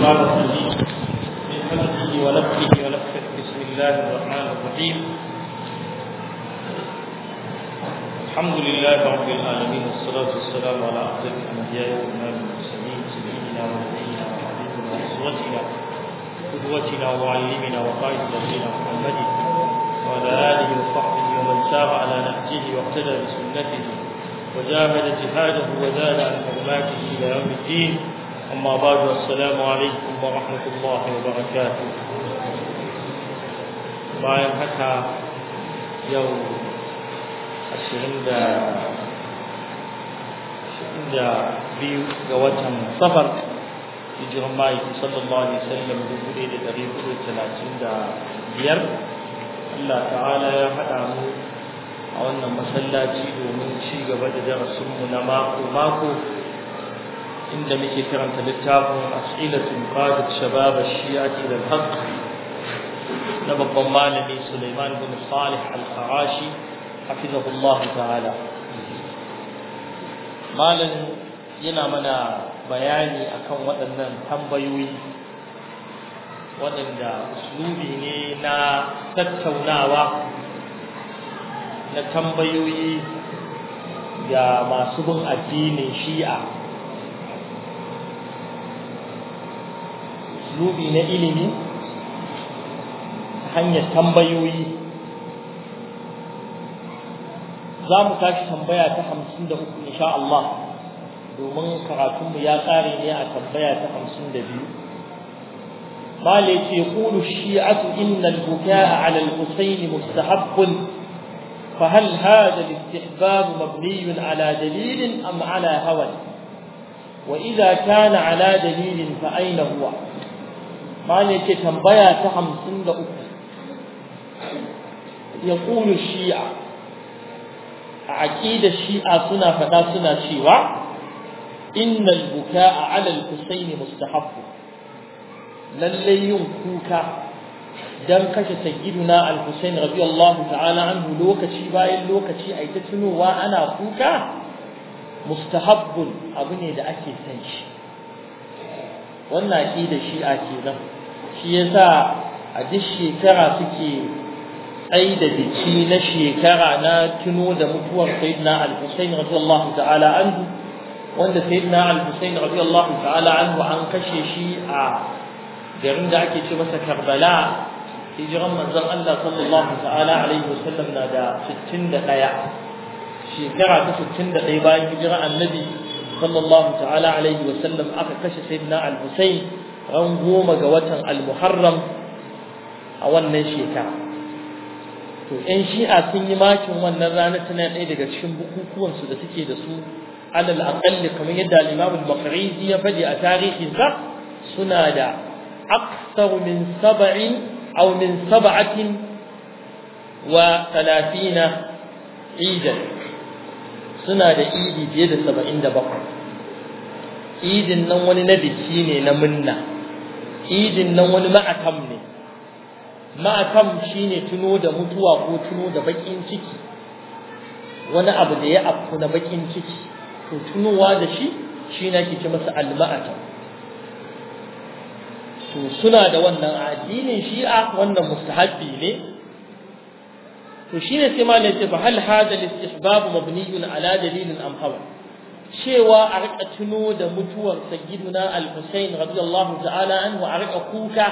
بسم الله الرحمن الرحيم الحمد لله رب العالمين والصلاة والسلام على أفضل الأنبياء وإمام المرسلين سيدنا ونبينا وحبيبنا وأسوتنا قدوتنا ومعلمنا وقائد نبينا محمد وعلى آله وصحبه ومن سار على نهجه واقتدى بسنته وجاهد جهاده وزاد عن حرماته إلى يوم الدين أما بعد السلام عليكم ورحمة الله وبركاته bayan haka yau ashirin da biyu ga watan safar hijiran ma'aiki sallallahu alaihi wasallam dubu ɗaya da ɗari hudu talatin da biyar Allah ta'ala ya haɗa mu a wannan masallaci domin ci gaba da darasinmu na mako mako inda muke karanta littafin as'ilatul qadat shabab ash-shi'ati ila al-haqq na babban malami Sulaiman bin Salih al-Farashi hafizahullah ta'ala malam yana mana bayani akan waɗannan tambayoyi waɗanda uslubi ne na tattaunawa na tambayoyi ga masu bin addinin shi'a maudu'i na ilimi hanyar tambayoyi za mu tashi tambaya ta hamsin da uku insha Allah domin karatunmu ya ƙare ne a tambaya ta hamsin da biyu mala ce kulu shi'atu innal buka'a ala al-husayn mustahabb fa mustahabbun فهل هذا الاستحباب مبني على دليل أم على هوى وإذا كان على دليل فأين هو mana yake tambaya ta hamsin da uku ya shi'a a aƙida shi'a suna faɗa suna cewa innal bukaa a alal husaini mustahabbu lallai yin kuka don kashe sayyiduna al-husain radiyallahu ta'ala anhu lokaci bayan lokaci a ta tunowa ana kuka mustahabbun abu ne da ake san shi wannan aƙida shi'a kenan shi yasa a duk shekara suke tsayi da biki na shekara na tuno da mutuwar sayyidina al-husayn radiyallahu ta'ala anhu wanda sayyidina al-husayn radiyallahu ta'ala anhu an kashe shi a garin da ake ce masa karbala hijiran manzon Allah sallallahu ta'ala alaihi wasallam na da 61 shekara ta 61 bayan hijirar annabi sallallahu ta'ala alaihi wasallam aka kashe sayyidina al-Husayn ran goma ga watan al-muharram a wannan shekara to ƴan shi'a sun yi makin wannan rana tana ɗaya daga cikin bukukuwan da suke da su alal aqalli kamar yadda al-imam al-maqrizi ya faɗi a tarihinsa, suna da aktsaru min sab'in aw min sab'atin wa 30 idan suna da idi fiye da saba'in da 77 idin nan wani na biki ne na munna idin nan wani ma'akam ne ma'akam shine tuno da mutuwa ko tuno da bakin ciki wani abu da ya afku na bakin ciki to tunowa da shi shi na ke masa al alma'ata to suna da wannan addinin shi'a wannan mustahabbi ne to shine sai ma ne ce fa hal hada al-istihbab mabniyun ala dalilin am hawa cewa a rika tuno da mutuwar sayyiduna al-Husayn radiyallahu ta'ala anhu a rika kuka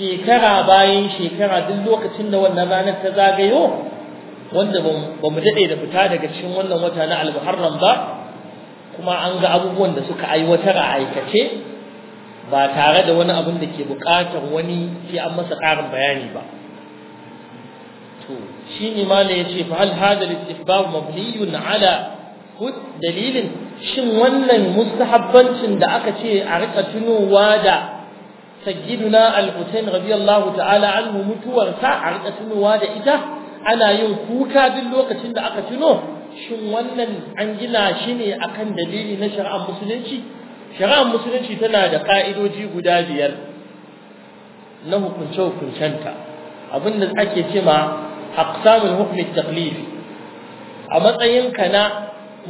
shekara bayan shekara duk lokacin da wannan ranar ta zagayo wanda ba mu dade da fita daga cikin wannan wata na al-Muharram ba kuma an ga abubuwan da suka aiwatar a aikace ba tare da wani abin da ke buƙatar wani sai an masa ƙarin bayani ba to shine ma ne yace fa hal hadal istihbab mabniyun ala dalilin shin wannan mustahabbancin da aka ce a rika tunowa da sayyiduna al-Husayn radiyallahu ta'ala anhu mutuwarsa a rika tunowa da ita ana yin kuka duk lokacin da aka tuno shin wannan an gina shi ne akan dalili na shari'ar musulunci shari'ar musulunci tana da ka'idoji guda biyar na hukunce hukuncenta abinda ake ce ma aqsamul hukmi taqlifi a ka na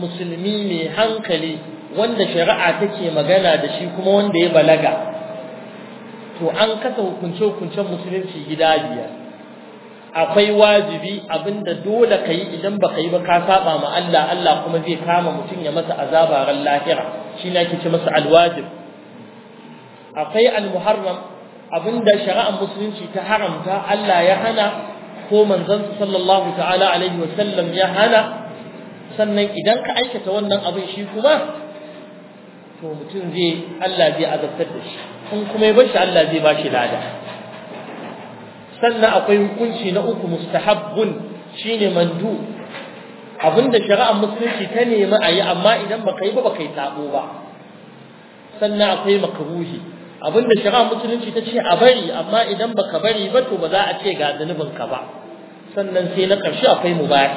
musulmi mai hankali wanda shari'a take magana da shi kuma wanda ya balaga to an kasa hukunce-hukuncen musulunci gida biyar akwai wajibi abinda dole ka yi idan ba ka yi ba ka saba ma Allah Allah kuma zai kama mutum ya masa azaba ran lahira shi ne ake ce masa alwajib akwai almuharram abinda shari'ar musulunci ta haramta Allah ya hana ko manzon sallallahu ta'ala alaihi sallam ya hana sannan idan ka aikata wannan abin shi kuma to mutum zai Allah zai azabtar da shi in kuma ya bashi Allah zai bashi lada sannan akwai hukunci na uku mustahabbun shine mandu abinda shari'ar musulunci ta nemi a yi amma idan baka yi ba baka yi sabo ba sannan akwai makaruhi abinda shari'ar musulunci ta ce a bari amma idan baka bari ba to ba za a ce ga zunubin ka ba sannan sai na ƙarshe akwai mubahi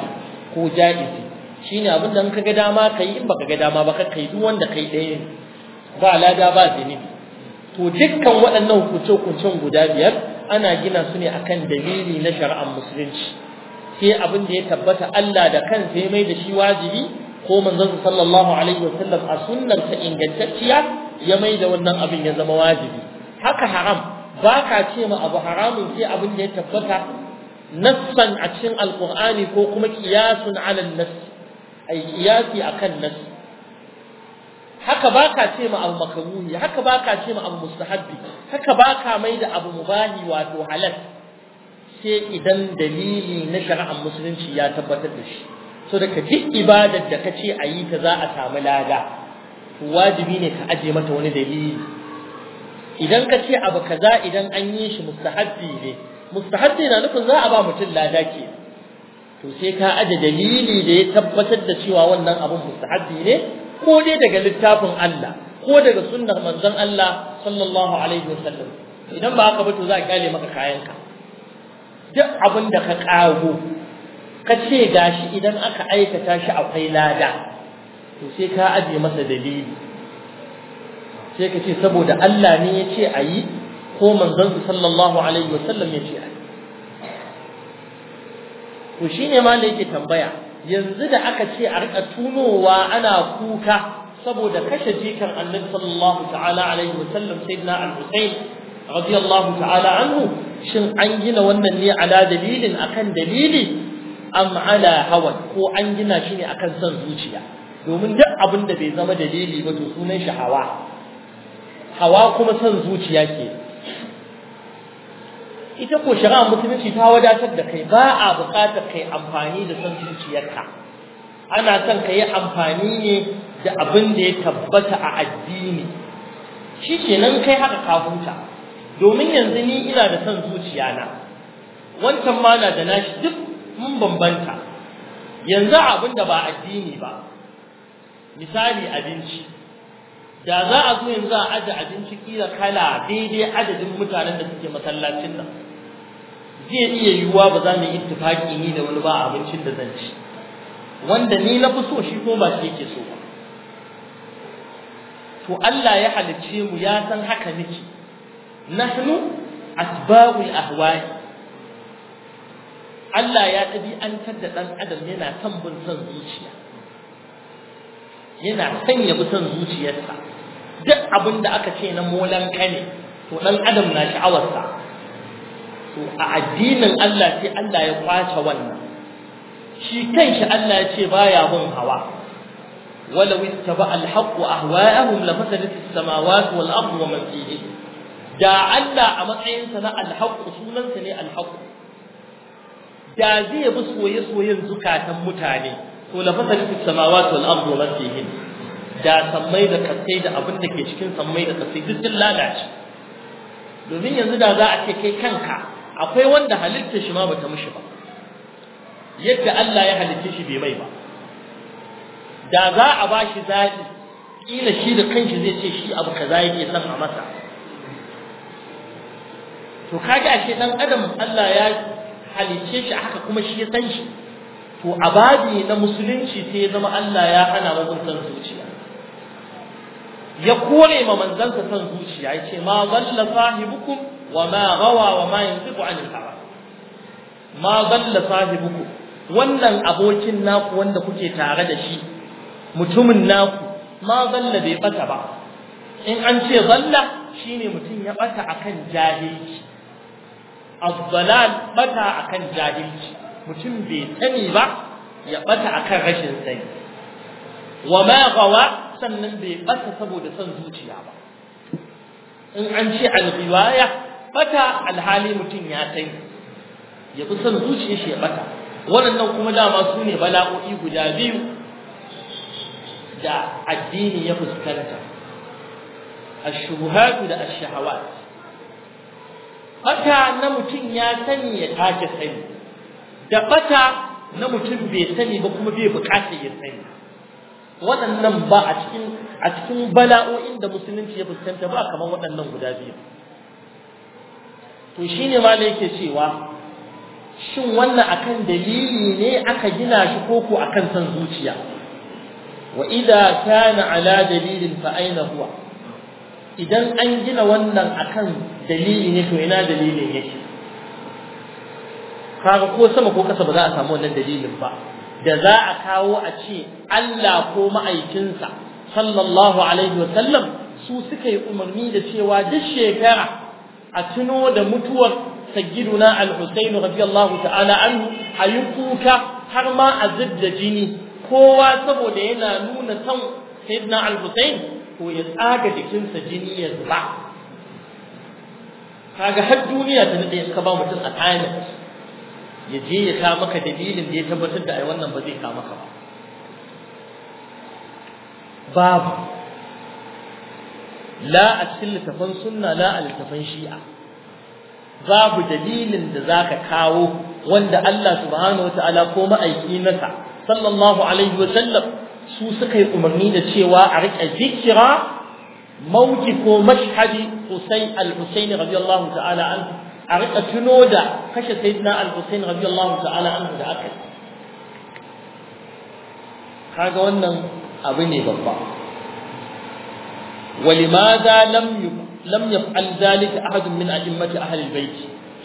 ko ja'izi shine abin da ka ga dama ka yi in baka ga dama ba ka yi duk wanda kai ɗaya ne ba lada ba zini to dukkan waɗannan hukunce-hukuncen guda biyar ana gina su ne akan dalili na shari'ar musulunci sai abin da ya tabbata Allah da kansa ya mai da shi wajibi ko manzon sallallahu alaihi wasallam a sunnar ta ingantacciya ya mai da wannan abin ya zama wajibi haka haram ba ka ce ma abu haramun sai abin da ya tabbata nassan a cikin alqur'ani ko kuma qiyasun ala nas ai kiyasi akan nasu haka baka ce ma abu makaruhi haka baka ce ma abu mustahabbi haka baka mai da abu mubahi wato halal sai idan dalili na shari'ar musulunci ya tabbatar da shi so daga duk ibadar da kace a yi ta za a samu lada wajibi ne ka aje mata wani dalili idan ka ce abu kaza idan an yi shi mustahabbi ne mustahabbi na nufin za a ba mutum lada ke to sai ka aje dalili da ya tabbatar da cewa wannan abin mustahabi ne ko dai daga littafin Allah ko daga sunnar manzon Allah sallallahu alaihi wasallam idan ba haka ba to za a kyale maka kayanka duk abin da ka kago ka ce gashi idan aka aikata shi akwai lada to sai ka aje masa dalili sai ka ce saboda Allah ne ya ce a yi ko manzon sallallahu alaihi wasallam ya ce a to shine ma da yake tambaya yanzu da aka ce a rika tunowa ana kuka saboda kashe jikan annabi sallallahu ta'ala alaihi wa sallam sayyidina al-husayn radiyallahu ta'ala anhu shin an gina wannan ne ala dalilin akan dalili am ala hawa ko an gina shi ne akan son zuciya domin duk abin da bai zama dalili ba to sunan shi hawa hawa kuma son zuciya ke ita ko shari'ar musulunci ta wadatar da kai ba a buƙatar kai amfani da son zuciyarka ana son ka yi amfani ne da abin da ya tabbata a addini shi kenan kai haka kafunta, domin yanzu ni ina da son zuciya na wancan ma na da nashi duk mun bambanta yanzu abin da ba addini ba misali abinci da za a zo yanzu a aje abinci kila kala daidai adadin mutanen da suke masallacin nan zai iya yiwuwa ba za mu yi ittifaki ni da wani ba abincin da zan ci wanda ni na fi so shi ko ba shi yake so ba to Allah ya halicce mu ya san haka muke nahnu asbabul ahwa'i Allah ya ɗabi'antar da ɗan adam yana son bin son zuciya yana son ya bi son zuciyarsa duk abin da aka ce na molanka ne to ɗan adam na sha'awarsa to a addinin Allah sai Allah ya kwace wannan shi kanshi Allah ya ce baya bin hawa ولو اتبع الحق أهواءهم لفسدت السماوات والأرض ومن فيهن da Allah a matsayin sa na sunan sa ne alhaƙu da zai bi soye-soyen zukatan mutane to la fasalin samawa wal ardu wa fihin da sammai da kasai da abin da ke cikin sammai da kasai duk sun lalace domin yanzu da za a ce kai kanka akwai wanda halitta shi ma bata mishi ba yadda Allah ya halitta shi bai mai ba da za a bashi zaɓi kila shi da kanshi zai ce shi abu kaza yake son a masa to kaga ashe dan adam Allah ya halicce shi haka kuma shi ya san shi to a babi na musulunci sai ya zama Allah ya hana mazan san zuciya ya kore ma manzansa son zuciya ya ce ma zalla sahibukum wa ma gawa wa ma yantiqu anil hawa ma zalla sahibukum wannan abokin naku wanda kuke tare da shi mutumin naku ma zalla bai bata ba in an ce zalla shine mutum ya bata akan jahilci abdalal bata akan jahilci mutum bai sani ba ya bata akan rashin sani wa ma gawa sannan bai ɓata saboda son zuciya ba in an ce ya ɓata alhali mutum ya sai ya fi son zuciya shi ya bata waɗannan kuma dama su ne bala'o'i guda biyu da addini ya fuskanta ashubuhatu da ashahawa Ɓata na mutum ya sani ya take sani da ɓata na mutum bai sani ba kuma bai buƙatar ya sani waɗannan ba a cikin a cikin bala'o'in da musulunci ya fuskanta ba kamar waɗannan guda biyu to shine ma da yake cewa shin wannan akan dalili ne aka gina shi ko akan san zuciya wa idza kana ala dalilin fa aina huwa idan an gina wannan akan dalili ne to ina dalilin yake kaga ko sama ko kasa ba za a samu wannan dalilin ba da za a kawo a ce Allah ko ma'aikinsa sallallahu alaihi wa sallam su suka yi umarni da cewa duk shekara a tuno da mutuwar sagiduna al husainu radiyallahu ta'ala anhu a yi kuka har ma a da jini kowa saboda yana nuna san sayyidina al husain ko ya tsaga jikinsa jini ya zuba kaga har duniya ta nade ka ba mutum a tsayin ya je ya sa maka dalilin da ya tabbatar da ai wannan ba zai ka maka ba babu la a cikin littafan sunna la a shi'a babu dalilin da zaka kawo wanda Allah subhanahu ta'ala ko ma'aiki nasa sallallahu alaihi wa sallam su suka yi umarni da cewa a rike zikira mauki ko mashhadi Husayn al-Husayn radiyallahu ta'ala anhu a riƙa tuno da kashe sayyidina al-Husayn radiyallahu ta'ala anhu da aka kaga wannan abu ne babba ولماذا لم لم يفعل ذلك احد من ائمه اهل البيت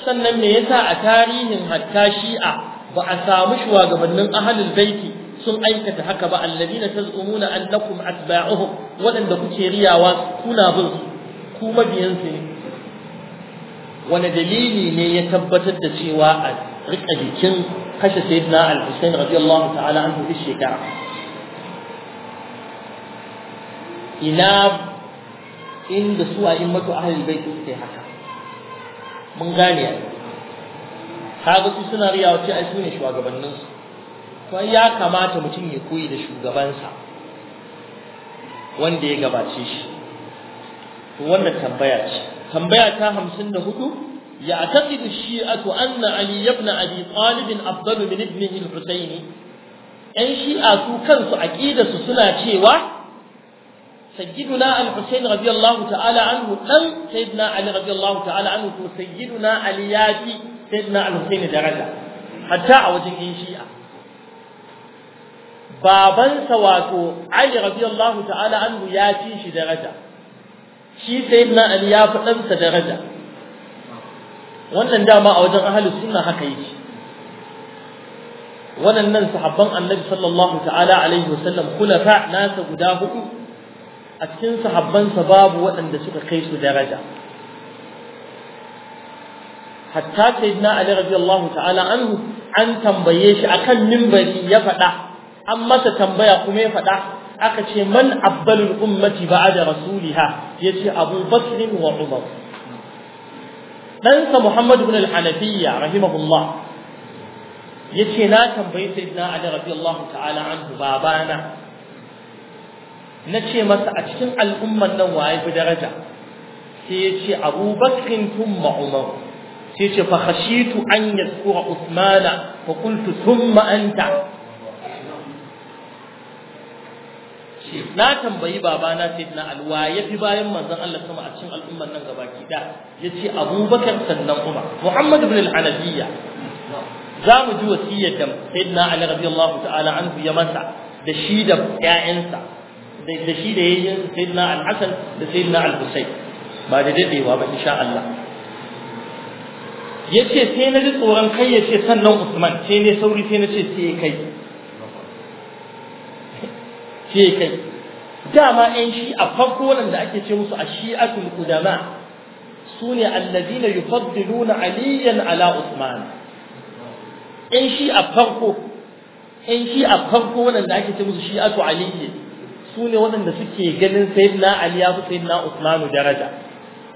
sannan me yasa a tarihin hatta shi'a ba a samu shugabannin ahlul baiti sun aikata haka ba alladina tazumuna annakum atba'uhum wadanda kuke riyawa kuna bin su ku biyan su ne wani dalili ne ya tabbatar da cewa a rika jikin kashe sayyidina al-husayn radiyallahu ta'ala an hudu shekara ina inda su a yin mato ahlul bai suke haka mun gane ya kaga su suna riya wace ai su ne shugabannin su to ya kamata mutum ya koyi da shugabansa wanda ya gabace shi to wannan tambaya ce tambaya ta 54 يعتقد الشيعة أن علي بن أبي طالب أفضل من ابنه الحسين ‘yan shi'a su kansu su suna cewa sayyiduna al-husayn radiyallahu ta'ala anhu dan sayyidina ali radiyallahu ta'ala anhu kuma sayyiduna ali ya fi sayyidina al-husayn daraja hatta a wajen yin shi'a babansa wato ali radiyallahu ta'ala anhu ya fi shi daraja shi sayyidina ali ya fi ɗansa daraja wannan dama a wajen ahalus sunna haka yake waɗannan sahabban annabi sallallahu ta'ala alaihi wasallam nasa guda hudu a cikin sahabbansa babu waɗanda suka kai su daraja hatta sayyidina ali radiyallahu ta'ala anhu an tambaye shi akan mimbari ya faɗa an masa tambaya kuma ya faɗa aka ce man abbalul ummati da rasuliha yace Abu Bakr wa Umar dan Muhammad ibn al-Hanafiyya rahimahullah yace na tambaye sayyidina Ali radiyallahu ta'ala anhu babana nace masa a cikin al'umman nan waye bi daraja sai yace Abu Bakr thumma Umar sai yace fa khashitu an yadhkura Uthmana fa qultu thumma anta na tambayi babana sayyidina alwa yafi bayan manzon Allah sama a cikin al'ummar nan gabaki da yace Abubakar sannan Umar Muhammad ibn al-Hanabiyya za mu ji wasiyar da sayyidina Ali radiyallahu ta'ala anhu ya masa da shi da ƴaƴansa da shi da yayin sayyidina al-Hasan da sayyidina al-Husayn ba da dadewa ba insha Allah yace sai na ji tsoron kai yace sannan Usman sai ne sauri sai na ce sai kai sai kai dama ɗan shi a farko wanda ake ce musu ashi'atul qudama sune alladhina yufaddiluna aliyan ala usman ɗan shi a farko ɗan shi a farko wanda ake ce musu shi'atu aliyi sune waɗanda suke ganin sayyidina ali ya fi sayyidina usman daraja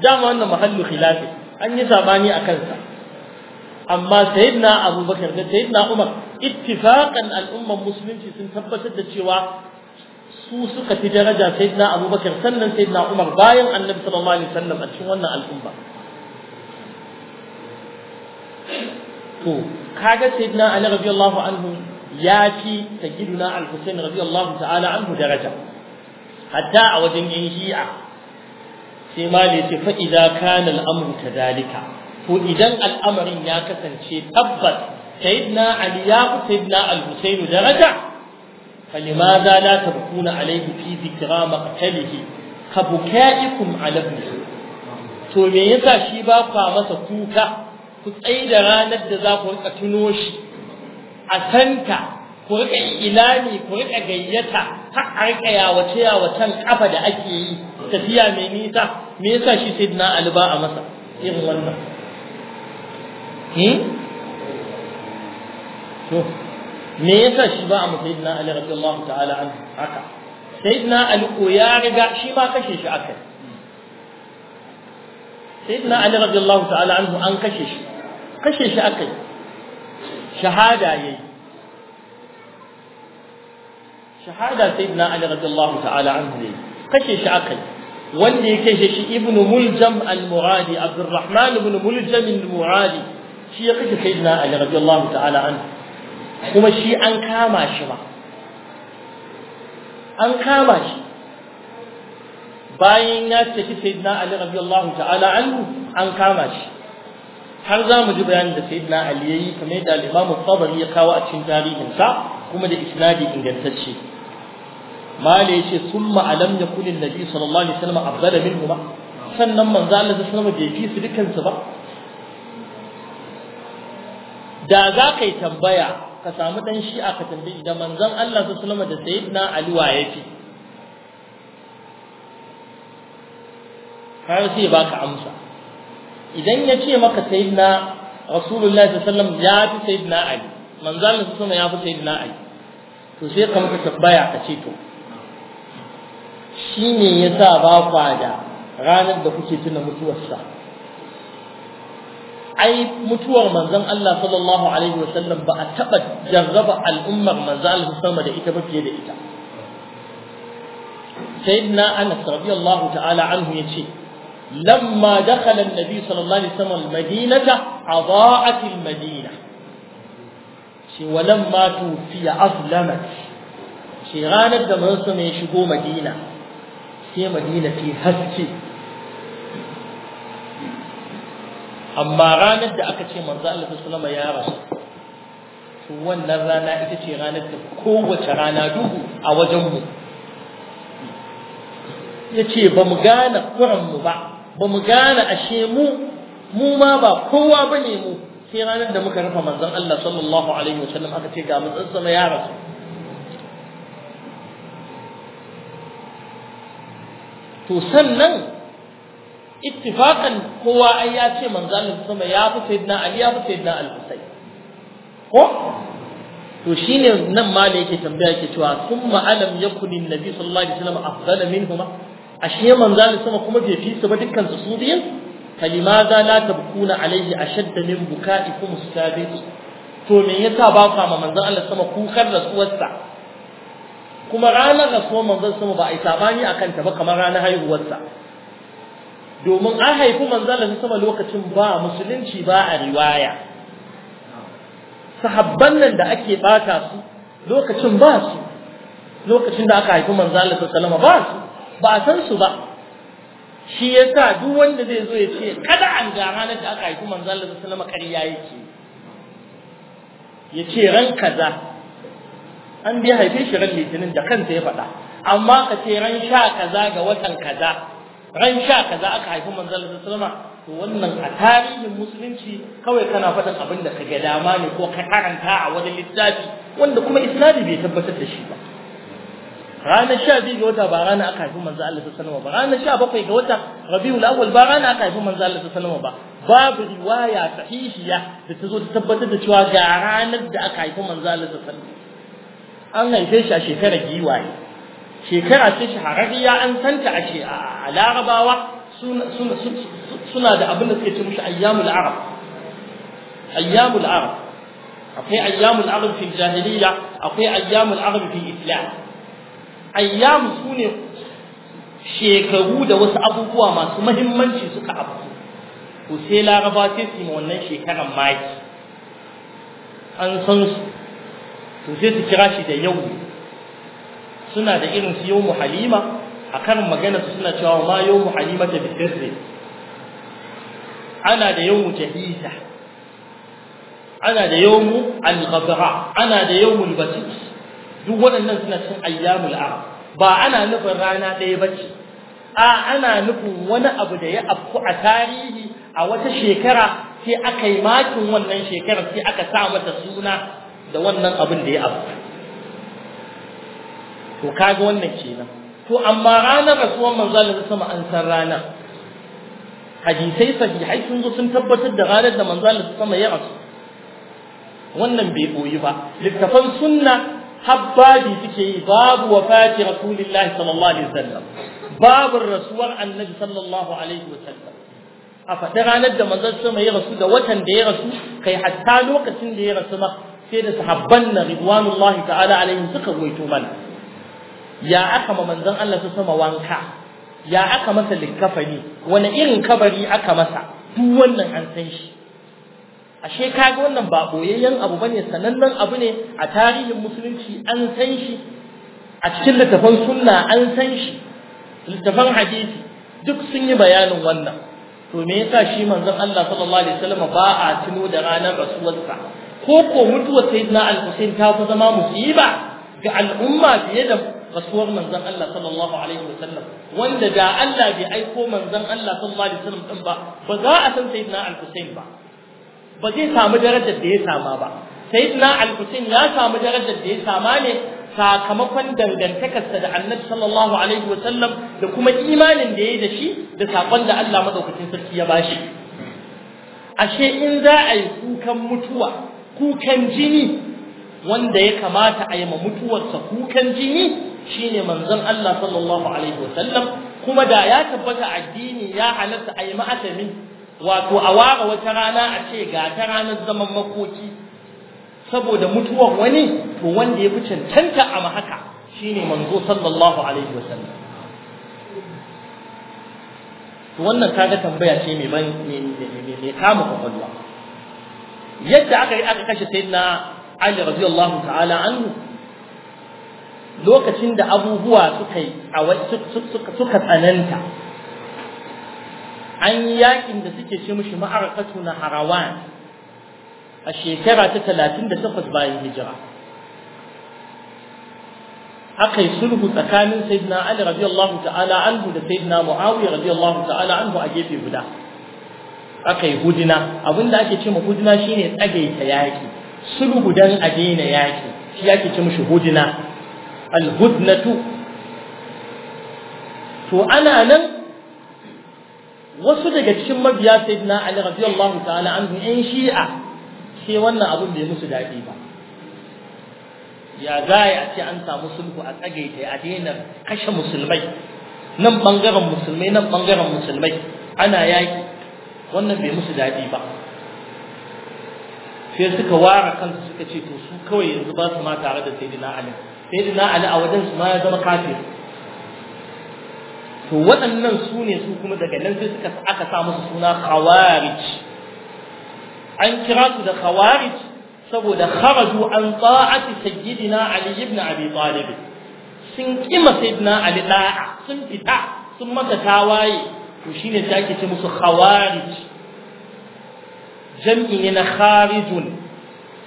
dama wannan mahallu khilafi an yi sabani a kansa amma sayyidina abubakar da sayyidina umar ittifaqan al'umman musulunci sun tabbatar da cewa su suka fi daraja sayyidina abubakar sannan sayyidina umar bayan annabi sallallahu alaihi wasallam a cikin wannan al'umma to kaga sayyidina ali radiyallahu anhu ya fi sayyidina al-husayn radiyallahu ta'ala anhu daraja hatta a wajen yin shi'a sai mali ya ce fa idza kana al kadhalika to idan al'amarin ya kasance tabbas sayyidina ali ya fi sayyidina al-husayn daraja فلماذا لا تبكون عليه في ذكرى مقتله كبكائكم على ابنه to me yasa shi ba kwa masa kuka ku tsaye da ranar da za ku rika tuno shi a santa ku rika ilani ku rika gayyata har a rika yawace yawacen kafa da ake yi tafiya mai nisa me yasa shi sai na alba a masa irin wannan hmm? me yasa shi ba a mu sayyidina ali radiyallahu ta'ala an haka sayyidina ali ko ya riga shi ma kashe shi akai sayyidina ali radiyallahu ta'ala anhu an kashe shi kashe shi akai shahada yayi shahada sayyidina ali radiyallahu ta'ala anhu yayi kashe shi akai wanda ya kashe shi ibnu muljam al-muradi abdurrahman ibn muljam al-muradi shi ya kashe sayyidina ali radiyallahu ta'ala anhu kuma shi an kama shi ma, an kama shi bayan ya saki sayyidina Ali radiyallahu ta'ala anhu an kama shi har za mu ji bayanin da sayyidina Ali yayi kamar yadda al-Imam Tabari ya kawo a cikin tarihinsa kuma da isnadi ingantacce mala yace summa alam yakun an-nabi sallallahu alaihi wasallam afdala minhu ba sannan manzo Allah sallallahu alaihi wasallam bai fi su dukansu ba da za kai tambaya ka samu dan shi'a ka tambayi da manzon Allah sallallahu alaihi wasallam da sayyidina Ali wa yafi har sai baka amsa idan ya ce maka sayyidina Rasulullahi sallallahu alaihi wasallam ya fi sayyidina Ali manzon Allah sallallahu alaihi wasallam ya fi sayyidina Ali to sai ka muka tabbaya ka ce to shine yasa ba kwa da ranar da kuke tuna mutuwarsa ai mutuwar manzon Allah sallallahu alaihi wasallam ba a taba jarraba al'ummar manzon Allah sama da ita ba fiye da ita sayyidina Anas radiyallahu ta'ala anhu yace lamma dakhala an-nabi sallallahu alaihi wasallam al-madinata adaa'at al-madina shi walamma tufiya aflamat shi ranar da manzon ya shigo Madina sai Madina ta haske amma ranar da aka ce manzo Allah sallama ya rasu to wannan rana ita ce ranar da kowace rana duhu a wajen mu yace ba mu gane kuran mu ba ba mu gane ashe mu mu ma ba kowa bane mu sai ranar da muka rufe manzon Allah sallallahu alaihi wasallam aka ce ga mu tsantsama ya rasu to sannan ittifaqan kowa ai ya ce manzo Allah sama ya fi sayyidina Ali ya fi sayyidina Al-Husayn ko to shine nan ma da yake tambaya yake cewa thumma alam yakun annabi sallallahu alaihi wasallam afdala minhuma ashe manzo Allah sama kuma bai fi su ba dukkan su su biyan falimaza la tabkuna alaihi ashadda min buka'ikum as-sabiqi to me yasa ba ka ma manzo Allah sama kukar rasuwarsa kuma ranar rasuwar manzon sama ba a yi sabani a kanta ba kamar ranar haihuwarsa domin an haifi su sama lokacin ba musulunci ba a riwaya sahabban nan da ake bata su lokacin ba su lokacin da aka haifi su salama ba su ba a san su ba shi ya sa duk wanda zai zo ya ce kada an ga ranar da aka haifi da su ƙarya yake ya ce ran kaza an biya haife shi ran litinin da kansa ya faɗa amma ka ce ran sha kaza ga watan kaza ran sha kaza aka haifi manzon Allah sallama to wannan a tarihin musulunci kawai kana faɗin abin da ka ga dama ne ko kai karanta a wani littafi wanda kuma islami bai tabbatar da shi ba ranar sha biyu ga wata ba ranar aka haifi manzo Allah sallama ba ranar sha bakwai ga wata rabiul awwal ba rana aka haifi manzo Allah sallama ba babu riwaya sahihiya da ta zo ta tabbatar da cewa ga ranar da aka haifi manzo Allah sallama an haife shi a shekarar giwaye shekara ce shahararriya an santa a ce a larabawa suna da abin da suke ce mushi ayyamul arab ayyamul arab akwai ayyamul arab fi jahiliya akwai ayyamul arab fi islam ayyam sune shekaru da wasu abubuwa masu mahimmanci suka abu to sai laraba sai su ma wannan shekaran maki an san su to sai su kira shi da yau suna da irin su yawmu halima a karin maganarsu suna cewa ma yawmu halima ta bisirri ana da yawmu jahita ana da yawmu al-ghabra ana da yawmu al-batis duk waɗannan suna cin ayyamul arab ba ana nufin rana ɗaya ba ce. a ana nufin wani abu da ya afku a tarihi a wata shekara sai aka yi makin wannan shekarar sai aka sa mata suna da wannan abin da ya afku to kaga wannan kenan to amma ranar rasuwar manzo Allah sama an san ranar hadisai sahihai sun zo sun tabbatar da ranar da manzo Allah sama ya rasu wannan bai boyi ba littafan sunna habbabi suke yi babu wafati rasulillahi sallallahu alaihi wasallam babu rasuwar annabi sallallahu alaihi wasallam a faɗi ranar da manzon sama ya rasu da watan da ya rasu kai hatta lokacin da ya rasu ma sai da sahabban na ridwanullahi ta'ala alaihim suka goyito mana ya aka ma manzon Allah su sama wanka ya aka masa likkafani wani irin kabari aka masa duk wannan an san shi ashe kaga wannan ba boyayyen abu bane sanannen abu ne a tarihin musulunci an san shi a cikin littafan sunna an san shi littafan hadisi duk sun yi bayanin wannan to me yasa shi manzon Allah sallallahu alaihi wasallam ba a tuno da ranar rasuwarsa ko ko mutuwar sayyidina al-Husayn ta fi zama musiba ga al'umma fiye da rasuwar manzon Allah sallallahu alaihi wasallam wanda da Allah bai aiko manzon Allah sallallahu alaihi wasallam din ba ba za a san sayyidina al-Husayn ba ba zai samu darajar da ya sama ba sayyidina al-Husayn ya samu darajar da ya sama ne sakamakon dangantakarsa da annabi sallallahu alaihi wasallam da kuma imanin da ya yi da shi da sakon da Allah madaukakin sarki ya bashi ashe in za a yi kukan mutuwa kukan jini wanda ya kamata a yi ma mutuwarsa kukan jini shine manzon Allah sallallahu alaihi wasallam kuma da ya tabbata addini ya halatta ayi ma'atami wato a ware wata rana a ce ga ta ranar zaman makoki saboda mutuwar wani to wanda ya fi cancanta a mahaka ne manzo sallallahu alaihi wasallam to wannan kaga tambaya ce mai ban kama kwakwalwa yadda aka yi aka kashe sayyidina Ali radiyallahu ta'ala anhu lokacin da abubuwa suka suka tsananta an yi yakin da suke ce mishi ma'arakatu na harawan a shekara ta talatin da takwas bayan hijira aka yi sulhu tsakanin sayyidina ali radiyallahu ta'ala anhu da sayyidina muawiya radiyallahu ta'ala anhu a gefe guda aka yi hudina abinda ake ce ma hudina shine tsagaita yaki sulhu dan a daina yaki shi yake ce mishi hudina al to ana nan wasu daga cikin mabiya sayyidina Ali radiyallahu ta'ala anhu in shi'a sai wannan abin bai musu dadi ba ya zai a ce an samu sulhu a tsagaita a daina kashe musulmai nan bangaren musulmai nan bangaren musulmai ana yaki wannan bai musu dadi ba sai suka ware kansu suka ce to su kawai yanzu ba su ma tare da sayyidina Ali sayyidina ali a wajen su ma ya zama kafir to waɗannan su ne su kuma daga nan sai suka aka sa musu suna khawarij an kira su da khawarij saboda kharaju an ta'ati sayyidina ali ibn abi talib sun kima sayyidina ali da'a sun fita sun maka tawaye to shine sai ake ce musu khawarij jam'i ne na kharijun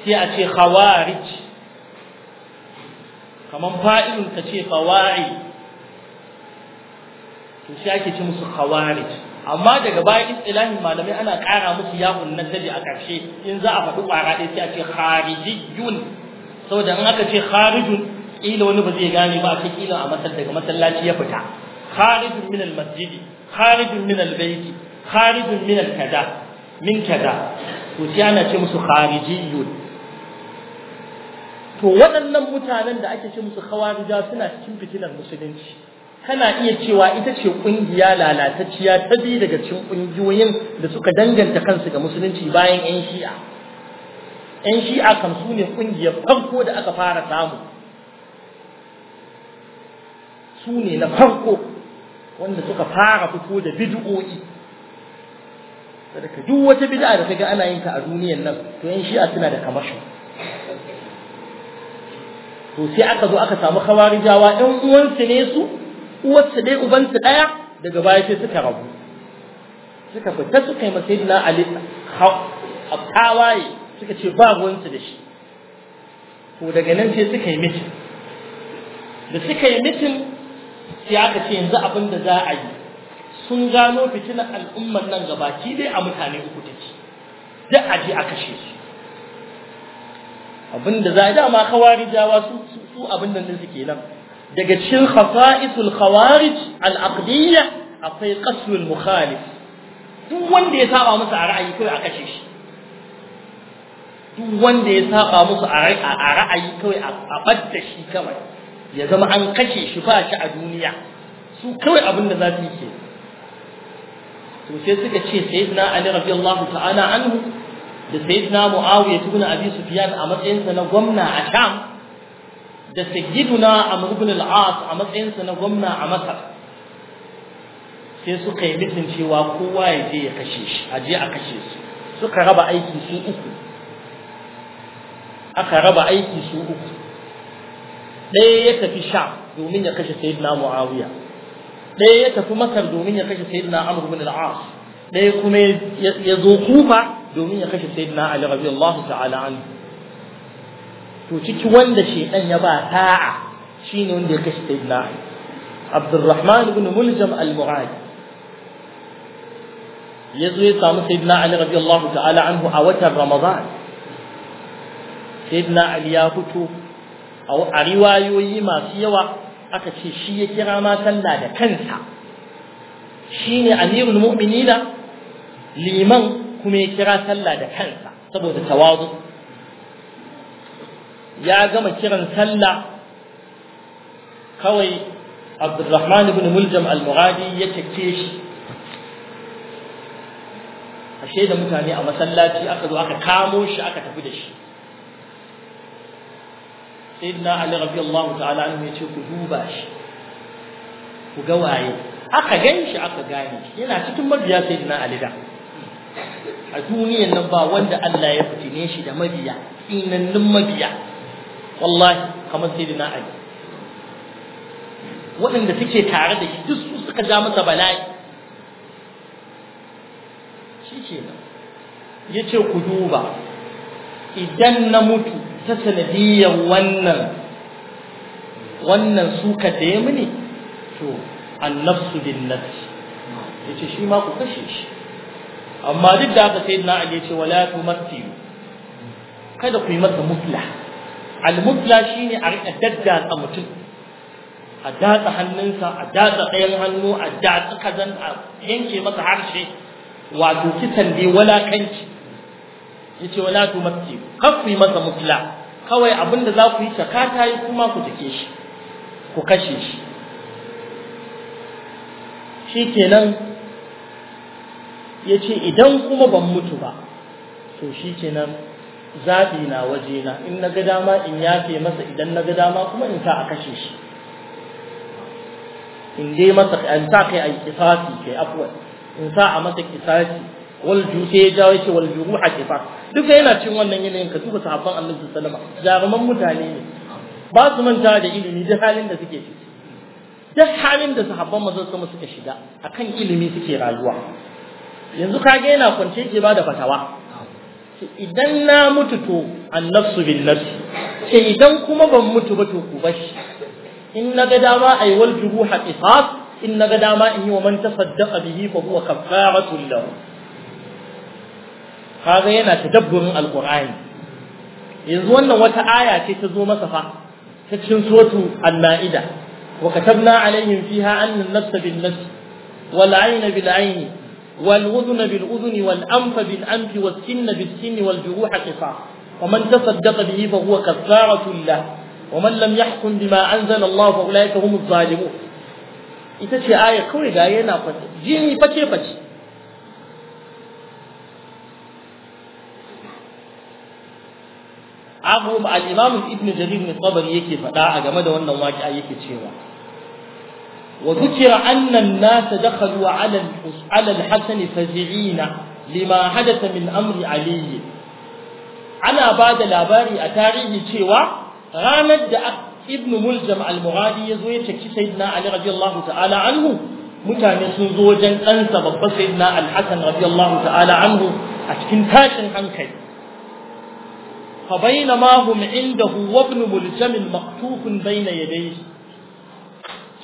sai a ce khawarij kaman fa'ilun ka ce fawa'i to sai ake ce musu khawarij amma daga bayan istilahin malami ana kara musu yawun nasali a ƙarshe in za a faɗi kwara dai sai a ce kharijiyun saboda in aka ce kharijun kila wani ba zai gane ba a kila a masal daga masallaci ya fita kharijun min al-masjid kharijun min al-bayt kharijun min al-kada min kada to sai ana ce musu kharijiyun to waɗannan mutanen da ake ce musu kawarija suna cikin fitilar musulunci kana iya cewa ita ce ƙungiya lalatacciya ta biyu daga cikin ƙungiyoyin da suka danganta kansu ga musulunci bayan 'yan shi'a 'yan shi'a kam su ne ƙungiyar farko da aka fara samu su ne na farko wanda suka fara fito da bid'o'i daga duk wata bid'a da ga ana yin ta a duniyar nan to 'yan shi'a suna da kamashin to sai aka zo aka samu khawarijawa ɗan uwansu ne su uwarsu dai ubansu ɗaya daga baya sai suka rabu suka fita suka yi na ali tawaye suka ce ba ruwansu da shi to daga nan sai suka yi mitin da suka yi mitin sai aka ce yanzu abin da za a yi sun gano fitinar al'ummar nan gabaki dai a mutane uku take duk aje a kashe su abinda za dama khawarijawa su su abin nan din suke nan daga cikin khasa'isul khawarij al-aqdiyya akwai qasrul mukhalif duk wanda ya saba musu a ra'ayi kai a kashe shi duk wanda ya saba musu a ra'ayi kawai a badda shi kawai ya zama an kashe shi ba shi a duniya su kawai abin da za su yi ke to sai suka ce sayyidina ali radiyallahu ta'ala anhu da sayyidina muawiya ibn abi sufyan a matsayin sa na gwamna a sham da sayyiduna amr ibn al-as a sa na gwamna a masar sai suka yi mitin cewa kowa ya je ya kashe shi a je a kashe su suka raba aiki su uku aka raba aiki su uku ɗaya ya tafi sham domin ya kashe sayyidina muawiya ɗaya ya tafi masar domin ya kashe sayyidina amr ibn al-as ɗaya kuma ya zo kufa domin ya kashe sayyidina ali radiyallahu ta'ala an to ciki wanda shedan ya ba ta'a shine wanda ya kashe sayyidina ali abdurrahman ibn muljam al yazo ya samu sayyidina ali radiyallahu ta'ala anhu a watan ramadan sayyidina ali ya fito a riwayoyi masu yawa aka ce shi ya kira matan lada da kansa shine amirul mu'minina liman kuma ya kira sallah da kansa saboda tawazu ya gama kiran sallah kawai Abdulrahman ibn Muljam al-Mughadi ya cece shi ashe da mutane a masallaci aka zo aka kamo shi aka tafi da shi sayyidina Ali radiyallahu ta'ala anhu ya ce ku duba shi ku ga waye aka gan shi aka gane shi yana cikin mabiya sayyidina Ali da a duniyan nan ba wanda Allah ya fitine shi da mabiya tsinannin mabiya wallahi kamar sai na Ali waɗanda suke tare da shi duk su suka ja masa bala'i shi ce ya ce ku duba idan na mutu ta sanadiyar wannan wannan suka da ya mini to annafsu bin nafsi ya ce shi ma ku kashe shi amma duk da haka sai na ali ce wala tumattilu kada ku yi masa mutla al mutla shine a rika daddatsa mutum a datsa hannunsa a datsa ɗayan hannu a datsa kazan a yanke masa harshe wato kisan dai walakanci yace wala tumattilu kar ku yi masa mutla kawai abinda za ku yi takata yi kuma ku take shi ku kashe shi shikenan ya ce idan kuma ban mutu ba to shi nan zaɓi na wajena in na ga dama in yafe masa idan na ga dama kuma in sa a kashe shi in dai masa in sa kai a kifafi kai afuwa in sa a masa kifafi wal jute ya jawo ce wal juruha kifa duk yana cin wannan yanayin ka duba sahabban annabi sallallahu alaihi wasallam jaruman mutane ne ba su manta da ilimi duk halin da suke ciki duk halin da sahabban manzon sama suka shiga akan ilimi suke rayuwa yanzu ga yana kwance yake bada da fatawa idan na mutu to annafsu bin nafsi ce idan kuma ban mutu ba to ku bashi in na ga dama ai wal juruha qisas in na ga dama in yi wa man tasaddaqa bihi fa huwa kafaratun lahu kaga yana tadabburin alqur'ani yanzu wannan wata aya ce ta zo masa fa ta cikin suratu an-na'ida wa katabna alaihim fiha anna an-nafsa bin nafsi wal 'ayna bil 'ayni والأذن بالأذن والأنف بالأنف والسن بالسن والجروح قصاص ومن تصدق به فهو كفارة له ومن لم يحكم بما أنزل الله فأولئك هم الظالمون ita aya kawai ga yana fata jini face face abu al-imam ibn jarir ne tabari yake faɗa a game da wannan yake cewa وذكر أن الناس دخلوا على على الحسن فزعين لما حدث من أمر علي أنا بعد لاباري أتاريه شيوا راند ابن ملجم المغادي يزوي تكي سيدنا علي رضي الله تعالى عنه mutane sun zo wajen ɗansa babban sayyidina al-hasan radiyallahu anhu a cikin tashin hankali fa bainama hum indahu wa ibn muljam maktufun bayna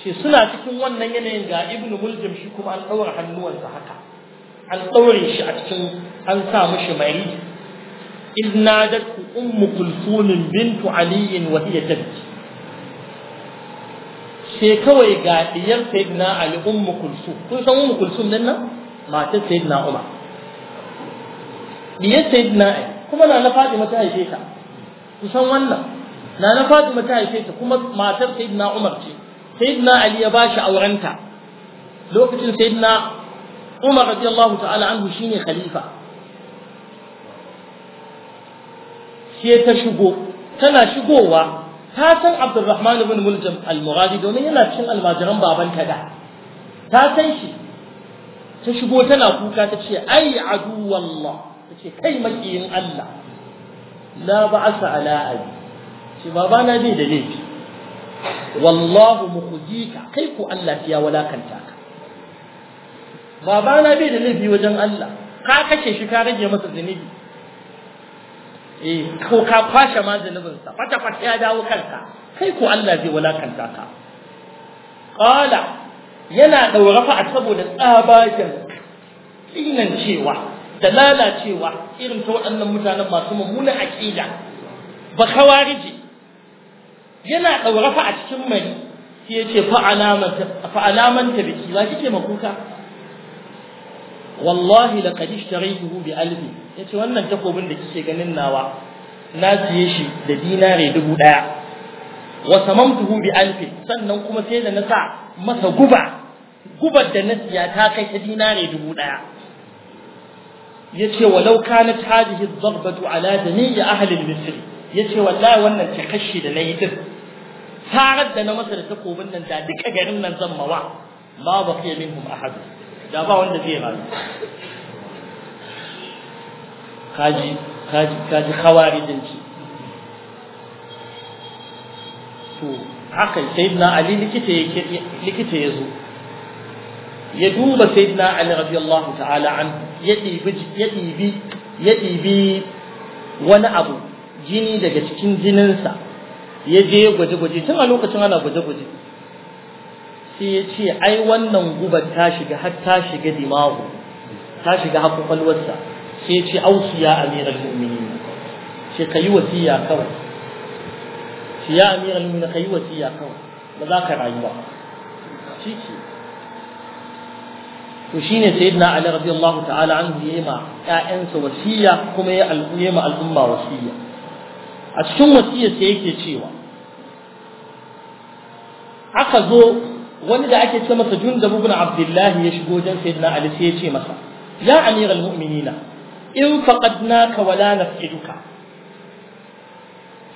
ce suna cikin wannan yanayin ga ibnu muljim shi kuma an ɗaura hannuwansa haka an ɗaure shi a cikin an sa mishi mari إذ نادته أم كلثوم بنت علي وهي تبكي sai kawai ga diyar sayyidina Ali ummu kulsum kun san ummu kulsum nan nan matar sayyidina Umar diyar sayyidina Ali kuma na na Fatima mata haife ta ku wannan na na Fatima mata haife ta kuma matar sayyidina Umar ce Saidna ali ya bashi aurenta lokacin saidna, umar radiyallahu ta'ala anhu shine khalifa sai ta shigo tana shigowa ta san abdurrahman ibn muljam al-muradi domin yana cikin almajiran babanta da ta san shi ta shigo tana kuka ta ce ai adu wallah ta ce kai makiyin Allah Na ba'asa ala abi ce babana bai da laifi wallahu mukhzika kai ku Allah ya walakanta ka babana bai da laifi wajen Allah ka kashe shi ka rage masa zunubi eh ko ka kwashe ma zunubin sa fata fata ya dawo kanka kai ku Allah zai walakanta ka qala yana daura fa saboda tsabagen tsinan cewa da lalacewa irin ta waɗannan mutanen masu mummunan aƙida ba kawariji yana ɗaura fa a cikin mari sai ya ce fa alamanta biki ba kike makuka wallahi laqad ishtaraytuhu bi alfi yace wannan takobin da kike ganin nawa na siye shi da dinare dubu ɗaya wa samamtuhu bi alfi sannan kuma sai da na sa masa guba gubar da na siya ta kai ta dinare dubu ɗaya yace walau kanat hadhihi ad-darbatu ala jami'i ahli misr yace wallahi wannan ce kashi da nayi din tarar da na masa da takobin nan da duka garin nan zan mawa ma ba fiye minhum ahad da ba wanda zai rayu kaji kaji kaji ci to haka sayyidina ali likita yake likita yazo ya duba sayyidina ali radiyallahu ta'ala an ya dibi ya dibi ya dibi wani abu jini daga cikin jininsa ya je gwaje-gwaje tun a lokacin ana gwaje-gwaje sai ya ce ai wannan gubar ta shiga har ta shiga dimahu ta shiga haku kwalwarsa sai ya ce ausu ya amiral mu'minin shi ka yi wasiya kawai shi ya amiral mu'minin ka yi wasiya kawai ba za ka rayu ba shi ce to shine sayyidina ali radiyallahu ta'ala anhu yayi ma ƴaƴansa wasiya kuma ya al'umma wasiya a cikin wasiyarsa yake cewa aka zo wani da ake ce masa jun da ibn abdullahi ya shigo wajen sayyidina ali sai ya ce masa ya amir al-mu'minina in faqadna ka wala naf'iduka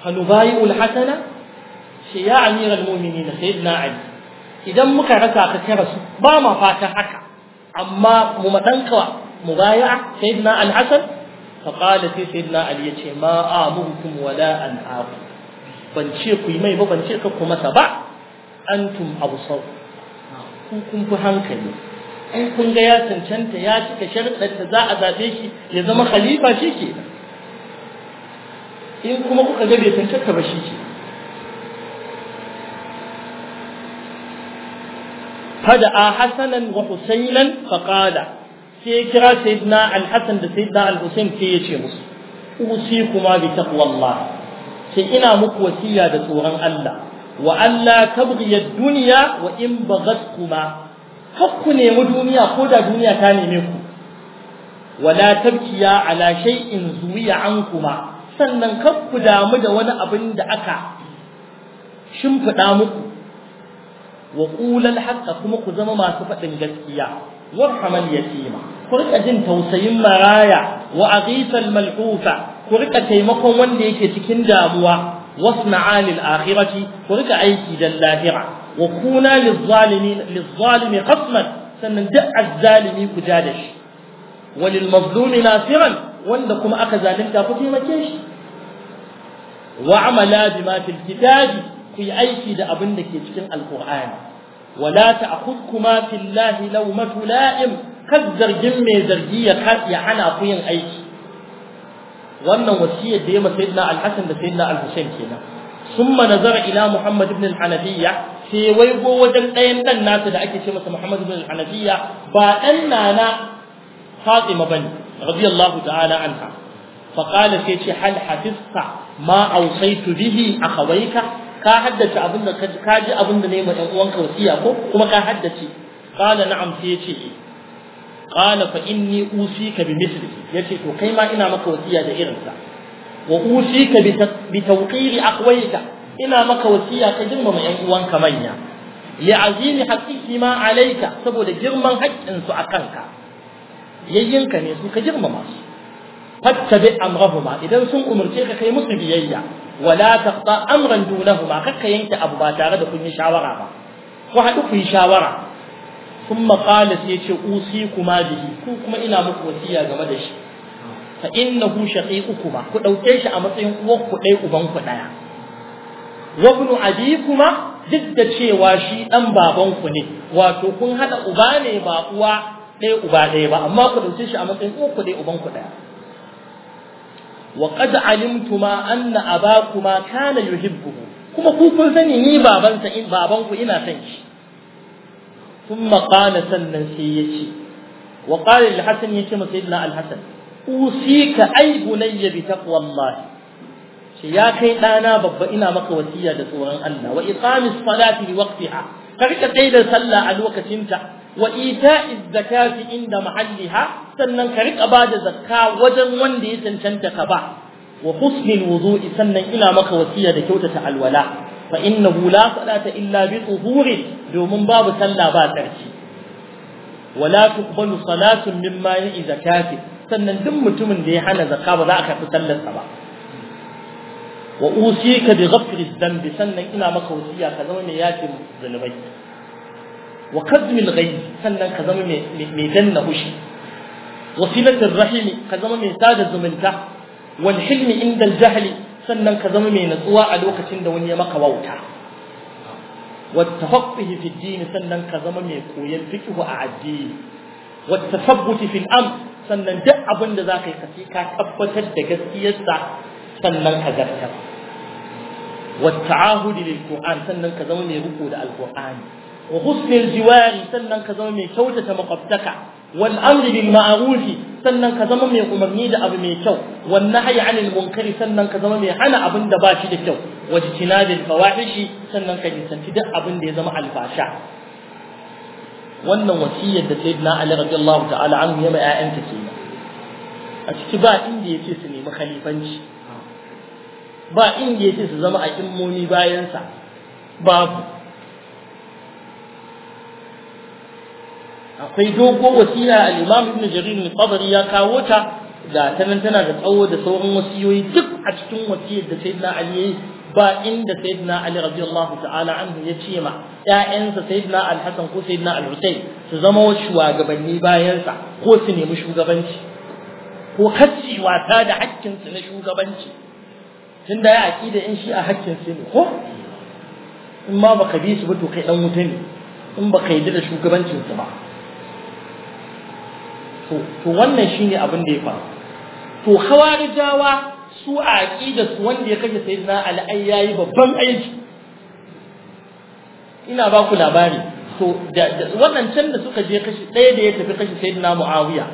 fa nubayi'u al-hasana shi ya amir al-mu'minina sayyidina ali idan muka rasa ka kira su ba ma fatan haka amma mu madanka mu mubayi'a sayyidina hasan Faƙada sai sai na ali ya ce ma a muhukum wala an haku ban ce ku yi mai ba ban ce ka ku masa ba An antum abu sau ku kun fi hankali in kun ga ya cancanta ya cika sharuɗar da za a zaɓe shi ya zama khalifa shi ke in kuma kuka ga bai cancanta ba shi ke a فدعا حسنا Husainan Faƙada. sai kira sayyidina al-hasan da sayyidina al-husain sai ya ce musu usikuma bi taqwallah sai ina muku wasiya da tsoron Allah wa alla tabghiya dunya wa in baghatkuma hakku nemi duniya ko da duniya ta neme ku wala tabkiya ala shay'in zuwiya ankuma sannan kakku damu da wani abin da aka shimfiɗa muku wa ƙulal haƙƙa kuma ku zama masu faɗin gaskiya warhamal yatima ku rika jin tausayin maraya wa aghisal malhufa ku rika taimakon wanda yake cikin damuwa wasna'a lil akhirati ku rika aiki dan lahira wa kuna lil zalimin lil sannan duk azzalimi ku ja da shi wa lil mazlumi nasiran wanda kuma aka zalunta ku taimake shi wa amala bima fil kitabi ku yi aiki da abin da ke cikin alqur'ani ولا تأخذكما في الله لومة لائم كد زرجين من زرجية كد hana قين aiki. wannan wasiyar da ya masa sayyidina al-Hasan da sayyidina al-Husayn kenan summa nazara ila Muhammad ibn al-Hanafiyya sai waigo wajen ɗayan dan nasa da ake ce masa Muhammad ibn al-Hanafiyya ba dan nana Fatima bane radiyallahu ta'ala anha fa qala sai ce hal hafizta ma awsaytu bihi akhawaika ka haddace abin da ka ji abin da ne ma ɗan uwanka wasiya ko kuma ka haddace qala na'am sai yace eh. qala fa inni usika bi misli yace to kai ma ina maka wasiya da irin sa wa usika bi tawqiri aqwayka ina maka wasiya ka girmama ƴan uwanka manya li'azimi ma alayka saboda girman haƙƙin su akanka yayyinka ne su ka girmama su fattabi amrahuma idan sun umarce ka kai musu biyayya wala taqta amran dunahuma kakka yanke abu ba tare da kun yi shawara ba ku haɗu ku yi shawara thumma qala sai yace kuma bihi ku kuma ina muku wasiya game da shi fa innahu shaqiqukuma ku dauke shi a matsayin uwar ku dai uban ku daya wa ibn abikuma duk da cewa shi dan baban ku ne wato kun hada uba ne ba uwa ɗaya uba ɗaya ba amma ku dauke shi a matsayin uwar ku dai uban ku daya wa qad alimtuma anna abakuma kana yuhibbuhu kuma ku kun sani ni babansa ina son shi thumma qala sannan sai yace wa qala lil hasan yace ma sayyidina al hasan usika ay bunayya bi taqwallahi shi ya kai ɗana babba ina maka wasiya da tsoron Allah wa iqamis salati li waqtiha ka rika tsaye da sallah a lokacinta wa in da inda ha sannan ka rika bada zakka wajen wanda ya cancanta ka ba wa husnil wudu'i sannan ina maka wasiya da kyautata alwala fa innahu la salata illa bi tuhurin domin babu sallah ba tsarki wala tuqbalu salatun mimma ya'i zakati sannan duk mutumin da ya hana zakka ba za a karɓi sallarsa ba wa ka bi ghafri dhanbi sannan ina maka wasiya ka zama yafi zunubai wa kazmil gai sannan ka zama mai danna hushi wasilatul rahimi ka zama mai sada zumunta wal hilmi inda jahli sannan ka zama mai natsuwa a lokacin da wani ya maka wauta والتفقه في sannan ka zama mai koyon fiqhu a addini والتثبت في الامر sannan duk abin da zaka yi kafi ka tabbatar da gaskiyarsa sannan ka zartar والتعاهد للقران sannan ka zama mai riko da alqur'ani wa husnul jiwari sannan ka zama mai kyautata makwabtaka wani amri bil ma'ruf sannan ka zama mai umarni da abu mai kyau wan nahyi anil munkari sannan ka zama mai hana abin da ba shi da kyau wajtinabil fawahishi sannan ka nisanci duk abin ya zama albasha wannan wasiyar da sayyidina Ali radiyallahu ta'ala anhu ya mai ayyanta kenan a ciki ba inda yace su nemi khalifanci ba inda yace su zama a immomi bayansa babu akwai dogo wasila al-Imam Ibn Jarir al-Tabari ya kawo ta da tanan tana da tsawo da sauran wasiyoyi duk a cikin wasiyar da Sayyidina Ali yayi ba inda Sayyidina Ali radiyallahu ta'ala anhu ya ce ma ƴaƴansa Sayyidina Al-Hasan ko Sayyidina Al-Husayn su zama shugabanni sa. ko su nemi shugabanci ko kacci wata da su na shugabanci tun da ya aƙida in shi a su ne ko in ma baka bi su ba to kai dan wuta ne in baka yi da shugabancinsu ba to wannan shine abin da ya faru to jawa su a aqida wanda ya kaje sayyidina ali yayi babban aiki ina ba ku labari to wannan can da suka je kashi ɗaya da ya tafi kashi sayyidina muawiya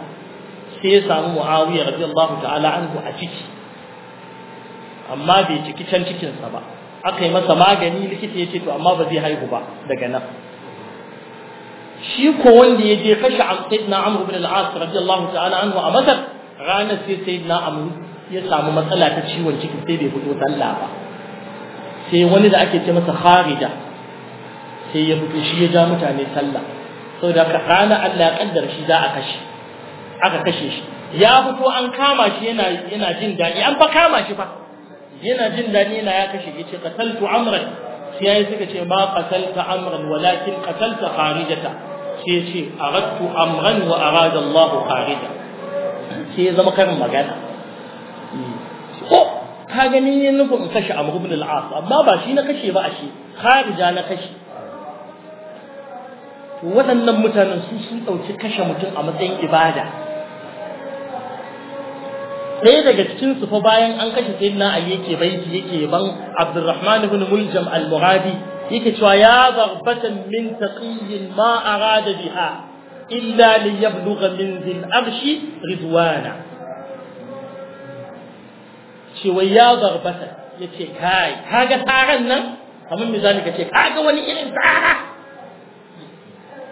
sai ya samu muawiya radiyallahu ta'ala anhu a ciki amma bai ciki can cikinsa ba aka yi masa magani likita ya ce to amma ba zai haihu ba daga nan shi ko wanda ya je kashe sayyidina amr ibn al-as radiyallahu ta'ala anhu a masar ranar sai sayyidina amr ya samu matsala ta ciwon ciki sai bai fito sallah ba sai wani da ake ce masa kharija sai ya fito shi ya ja mutane sallah saboda ka rana Allah ya kaddara shi za a kashe aka kashe shi ya fito an kama shi yana yana jin daɗi an fa kama shi fa yana jin daɗi yana ya kashe yace qataltu amran yayi suka ce ma qatalta amran walakin qatalta kharijata shi ce aradtu amran wa arada Allah kharija shi ya zama karin magana ko ka gani ne nufin in kashe a ibn al-As amma ba shi na kashe ba ashe kharija na kashe waɗannan mutanen su sun ɗauki kashe mutum a matsayin ibada ɗaya daga cikin su fa bayan an kashe sayyidina ali yake baiti yake ban abdurrahman ibn muljam al-muradi yake cewa ya zarbatan min taqiyyin ma arada biha illa li yablugha min zil arshi ridwana cewa ya zarbatan yace kai kaga taran nan kamar misali kace kaga wani irin tara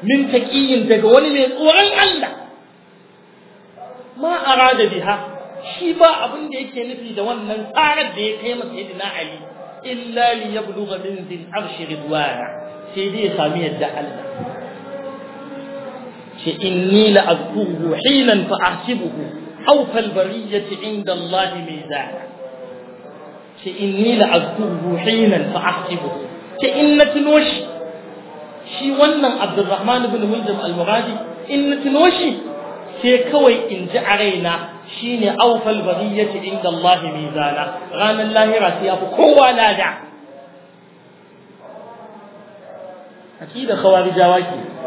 min taqiyyin daga wani mai tsoron Allah ma arada biha shi ba abin da yake nufi da wannan tsarar da ya kai masa yadda na ali illa li yabluga min zin arshi ridwana sai dai ya sami yadda Allah ce inni la azkuruhu hinan fa ahsibuhu aw fal bariyati inda Allah mizana ce inni la azkuruhu hinan fa ahsibuhu ce inna tinoshi shi wannan Abdulrahman ibn Muljam al-Muradi inna tinoshi sai kawai in ji a raina Shi ne shine ya bariyati inda Allah zana, ranar lahira sai yafi kowa lada da khawarijawa ke